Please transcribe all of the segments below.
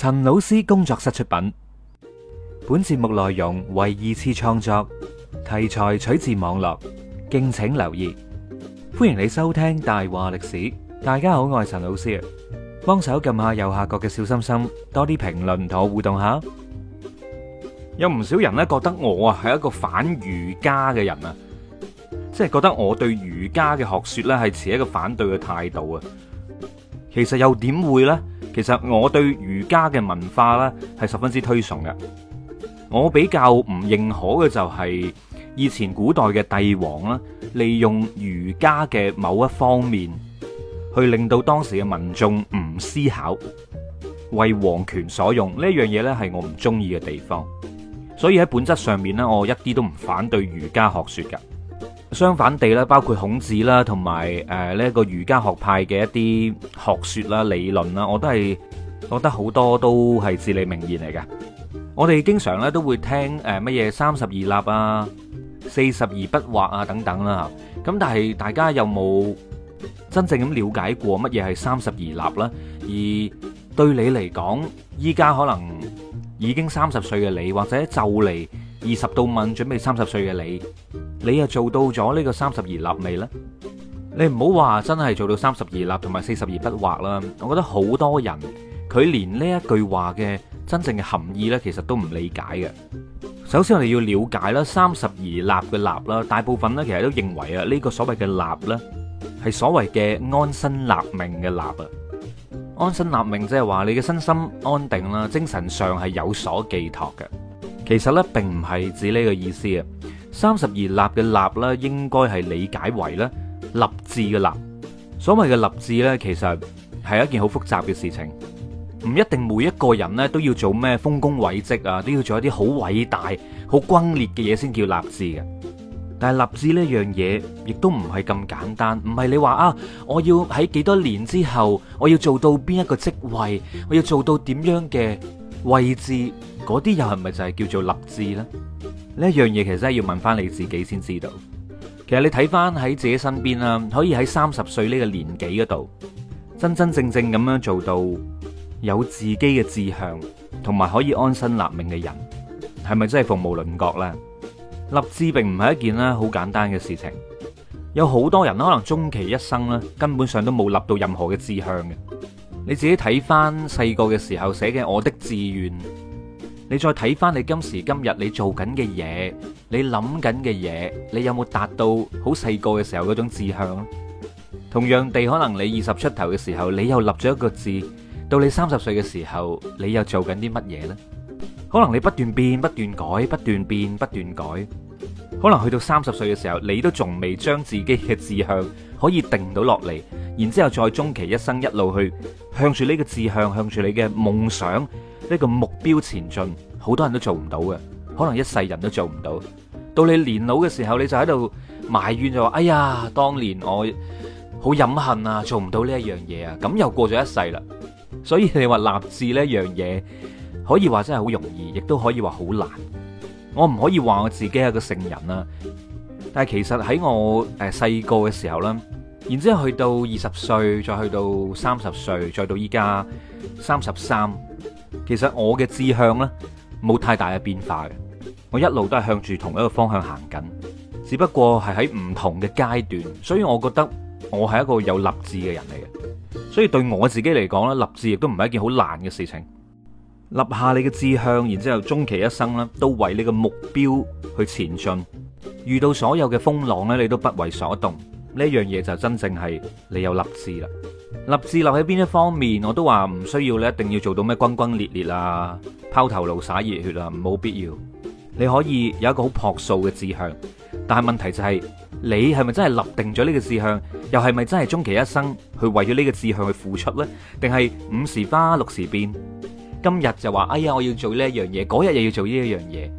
陳老師工作室出品，本節目內容為二次創作，題材取自網絡，敬請留意。歡迎你收聽《大話歷史》，大家好，我係陳老師，幫手撳下右下角嘅小心心，多啲評論同我互動下。有唔少人咧覺得我啊係一個反儒家嘅人啊，即係覺得我對儒家嘅學說咧係持一個反對嘅態度啊。其實又點會呢？其實我對儒家嘅文化呢係十分之推崇嘅。我比較唔認可嘅就係以前古代嘅帝王啦，利用儒家嘅某一方面去令到當時嘅民眾唔思考，為皇權所用呢一樣嘢，呢係我唔中意嘅地方。所以喺本質上面呢，我一啲都唔反對儒家學說㗎。相反地咧，包括孔子啦，同埋誒呢一個儒家學派嘅一啲學說啦、理論啦，我都係覺得好多都係至理名言嚟嘅。我哋經常咧都會聽誒乜嘢三十而立啊、四十而不惑啊等等啦、啊。咁但係大家有冇真正咁了解過乜嘢係三十而立咧？而對你嚟講，依家，可能已經三十歲嘅你，或者就嚟二十到問準備三十歲嘅你。你又做到咗呢個三十而立未呢？你唔好話真係做到三十而立同埋四十而不惑啦。我覺得好多人佢連呢一句話嘅真正嘅含義呢，其實都唔理解嘅。首先我哋要了解啦，三十而立嘅立啦，大部分呢，其實都認為啊呢個所謂嘅立呢，係所謂嘅安身立命嘅立啊。安身立命即係話你嘅身心安定啦，精神上係有所寄託嘅。其實呢，並唔係指呢個意思啊。三十而立嘅立咧，應該係理解為咧立志嘅立。所謂嘅立志呢，其實係一件好複雜嘅事情，唔一定每一個人呢都要做咩豐功偉績啊，都要做一啲好偉大、好轟烈嘅嘢先叫立志嘅。但係立志呢樣嘢，亦都唔係咁簡單，唔係你話啊，我要喺幾多年之後，我要做到邊一個職位，我要做到點樣嘅位置，嗰啲又係咪就係叫做立志呢？呢一樣嘢其實係要問翻你自己先知道。其實你睇翻喺自己身邊啦，可以喺三十歲呢個年紀嗰度，真真正正咁樣做到有自己嘅志向，同埋可以安身立命嘅人，係咪真係鳳毛麟角呢？立志並唔係一件咧好簡單嘅事情，有好多人可能終其一生咧根本上都冇立到任何嘅志向嘅。你自己睇翻細個嘅時候寫嘅我的志願。你再睇翻你今時今日你做緊嘅嘢，你諗緊嘅嘢，你有冇達到好細個嘅時候嗰種志向？同樣地，可能你二十出頭嘅時候，你又立咗一個字；到你三十歲嘅時候，你又做緊啲乜嘢呢？可能你不斷變、不斷改、不斷變、不斷改，可能去到三十歲嘅時候，你都仲未將自己嘅志向可以定到落嚟，然之後再終其一生一路去向住呢個志向，向住你嘅夢想。呢個目標前進，好多人都做唔到嘅，可能一世人都做唔到。到你年老嘅時候，你就喺度埋怨就話：哎呀，當年我好飲恨啊，做唔到呢一樣嘢啊！咁又過咗一世啦。所以你話立志呢樣嘢，可以話真係好容易，亦都可以話好難。我唔可以話我自己係個聖人啦，但係其實喺我誒細個嘅時候啦，然之後去到二十歲，再去到三十歲，再到依家三十三。其實我嘅志向呢，冇太大嘅變化嘅，我一路都係向住同一個方向行緊，只不過係喺唔同嘅階段。所以我覺得我係一個有立志嘅人嚟嘅，所以對我自己嚟講呢，立志亦都唔係一件好難嘅事情。立下你嘅志向，然之後終其一生呢，都為你個目標去前進，遇到所有嘅風浪呢，你都不為所動。呢一樣嘢就真正係你有立志啦。立志立喺邊一方面，我都話唔需要你一定要做到咩，轟轟烈烈啊，拋頭顱灑熱血啊，冇必要。你可以有一個好樸素嘅志向，但係問題就係，你係咪真係立定咗呢個志向，又係咪真係終其一生去為咗呢個志向去付出呢？定係五時花六時變，今日就話哎呀，我要做呢一樣嘢，嗰日又要做呢一樣嘢。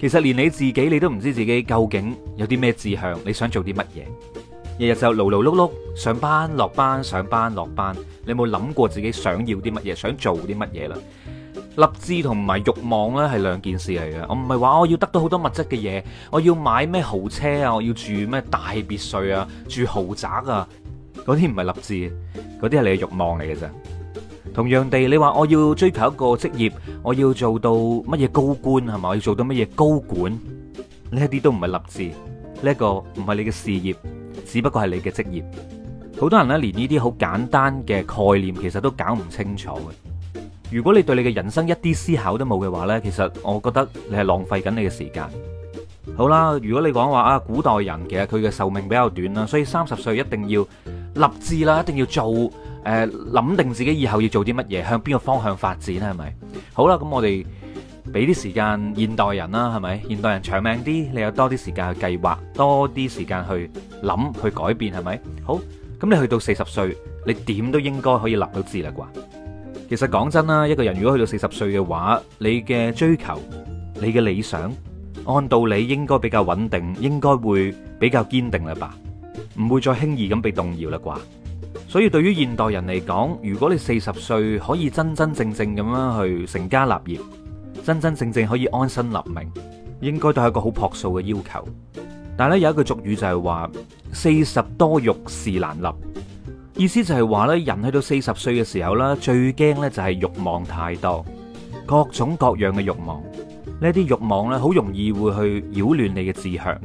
其實連你自己，你都唔知自己究竟有啲咩志向，你想做啲乜嘢？日日就勞勞碌碌上班落班，上班落班，你有冇諗過自己想要啲乜嘢，想做啲乜嘢啦？立志同埋欲望呢係兩件事嚟嘅。我唔係話我要得到好多物質嘅嘢，我要買咩豪車啊，我要住咩大別墅啊，住豪宅啊，嗰啲唔係立志，嗰啲係你嘅欲望嚟嘅咋。同樣地，你話我要追求一個職業，我要做到乜嘢高官係嘛係咪？我要做到乜嘢高管，呢一啲都唔係立志，呢個唔係你嘅事業。只不過係你嘅職業，好多人呢，連呢啲好簡單嘅概念其實都搞唔清楚嘅。如果你對你嘅人生一啲思考都冇嘅話呢,其實我覺得你係浪費緊你嘅時間。好啦，如果你講話啊，古代人其實佢嘅壽命比較短啦，所以三十歲一定要立志啦，一定要做誒，呃，諗定自己以後要做啲乜嘢，向邊個方向發展，係咪？好啦，咁我哋。俾啲時間現代人啦，係咪現代人長命啲？你有多啲時間去計劃，多啲時間去諗，去改變，係咪？好，咁你去到四十歲，你點都應該可以立到志啦啩？其實講真啦，一個人如果去到四十歲嘅話，你嘅追求、你嘅理想，按道理應該比較穩定，應該會比較堅定啦吧，唔會再輕易咁被動搖啦啩？所以對於現代人嚟講，如果你四十歲可以真真正正咁樣去成家立業。真真正正可以安身立命，應該都係一個好樸素嘅要求。但係咧，有一句俗語就係話四十多欲事難立，意思就係話咧，人去到四十歲嘅時候，最驚咧就係欲望太多，各種各樣嘅欲望，呢啲欲望咧好容易會去擾亂你嘅志向。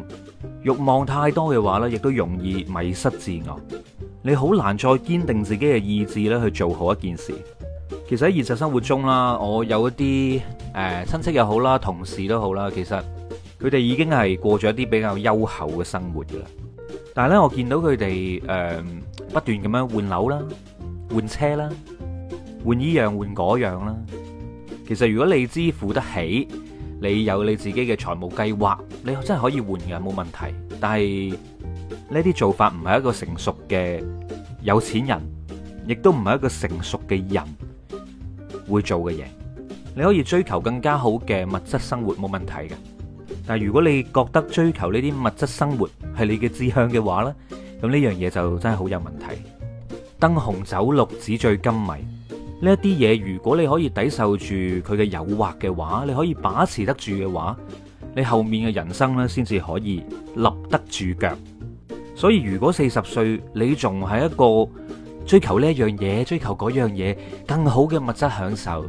欲望太多嘅話咧，亦都容易迷失自我，你好難再堅定自己嘅意志咧去做好一件事。其實喺現實生活中啦，我有一啲。誒，親戚又好啦，同事都好啦，其實佢哋已經係過咗一啲比較優厚嘅生活噶啦。但係咧，我見到佢哋誒，不斷咁樣換樓啦、換車啦、換呢樣換嗰樣啦。其實如果你支付得起，你有你自己嘅財務計劃，你真係可以換嘅冇問題。但係呢啲做法唔係一個成熟嘅有錢人，亦都唔係一個成熟嘅人會做嘅嘢。你可以追求更加好嘅物質生活冇問題嘅，但如果你覺得追求呢啲物質生活係你嘅志向嘅話咧，咁呢樣嘢就真係好有問題。燈紅酒綠、紙醉金迷呢一啲嘢，如果你可以抵受住佢嘅誘惑嘅話，你可以把持得住嘅話，你後面嘅人生咧先至可以立得住腳。所以如果四十歲你仲係一個追求呢一樣嘢、追求嗰樣嘢更好嘅物質享受。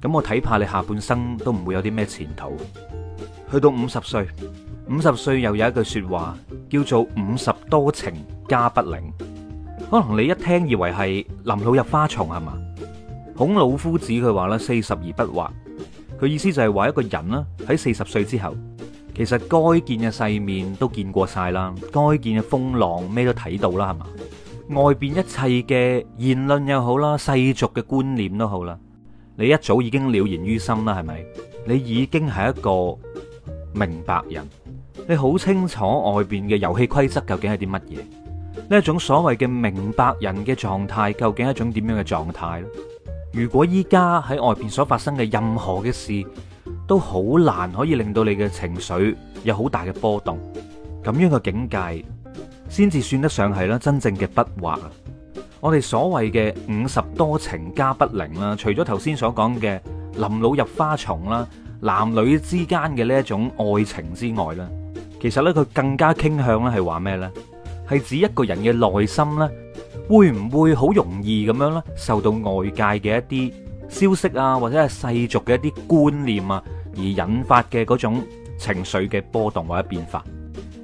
咁我睇怕你下半生都唔會有啲咩前途。去到五十歲，五十歲又有一句說話叫做五十多情家不寧。可能你一聽以為係臨老入花叢係嘛？孔老夫子佢話啦，四十而不惑。佢意思就係話一個人啦，喺四十歲之後，其實該見嘅世面都見過晒啦，該見嘅風浪咩都睇到啦，係嘛？外邊一切嘅言論又好啦，世俗嘅觀念都好啦。你一早已經了然於心啦，係咪？你已經係一個明白人，你好清楚外邊嘅遊戲規則究竟係啲乜嘢？呢種所謂嘅明白人嘅狀、狀態，究竟係一種點樣嘅狀態呢？如果依家喺外邊所發生嘅任何嘅事，都好難可以令到你嘅情緒有好大嘅波動，咁樣嘅境界，先至算得上係真正嘅不惑。我哋所謂嘅五十多情家不靈啦，除咗頭先所講嘅林老入花叢啦，男女之間嘅呢一種愛情之外咧，其實咧佢更加傾向咧係話咩咧？係指一個人嘅內心咧，會唔會好容易咁樣咧受到外界嘅一啲消息啊，或者係世俗嘅一啲觀念啊，而引發嘅嗰種情緒嘅波動或者變化。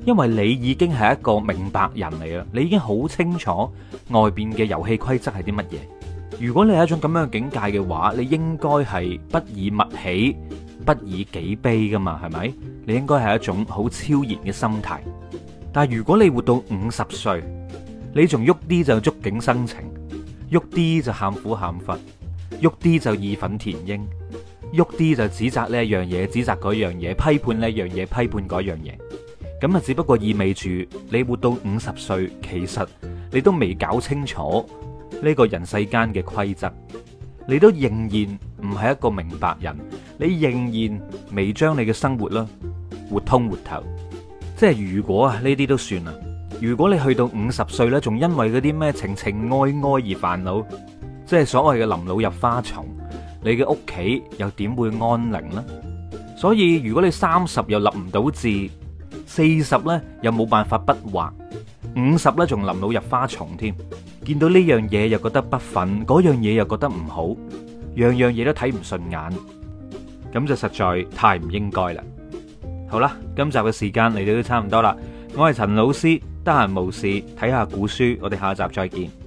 因為你已經係一個明白人嚟啦，你已經好清楚外邊嘅遊戲規則係啲乜嘢。如果你係一種咁樣嘅境界嘅話，你應該係不以物喜，不以己悲噶嘛，係咪？你應該係一種好超然嘅心態。但係如果你活到五十歲，你仲喐啲就觸景生情，喐啲就喊苦喊忽，喐啲就義憤填膺，喐啲就指責呢一樣嘢，指責嗰樣嘢，批判呢樣嘢，批判嗰樣嘢。咁啊，只不過意味住你活到五十歲，其實你都未搞清楚呢個人世間嘅規則，你都仍然唔係一個明白人，你仍然未將你嘅生活啦活通活透。即係如果啊呢啲都算啦，如果你去到五十歲呢，仲因為嗰啲咩情情愛愛而煩惱，即係所謂嘅臨老入花叢，你嘅屋企又點會安寧呢？所以如果你三十又立唔到字。四十呢，又冇辦法不惑，五十呢，仲淋到入花叢添，見到呢樣嘢又覺得不忿，嗰樣嘢又覺得唔好，樣樣嘢都睇唔順眼，咁就實在太唔應該啦。好啦，今集嘅時間嚟到都差唔多啦，我係陳老師，得閒無事睇下古書，我哋下集再見。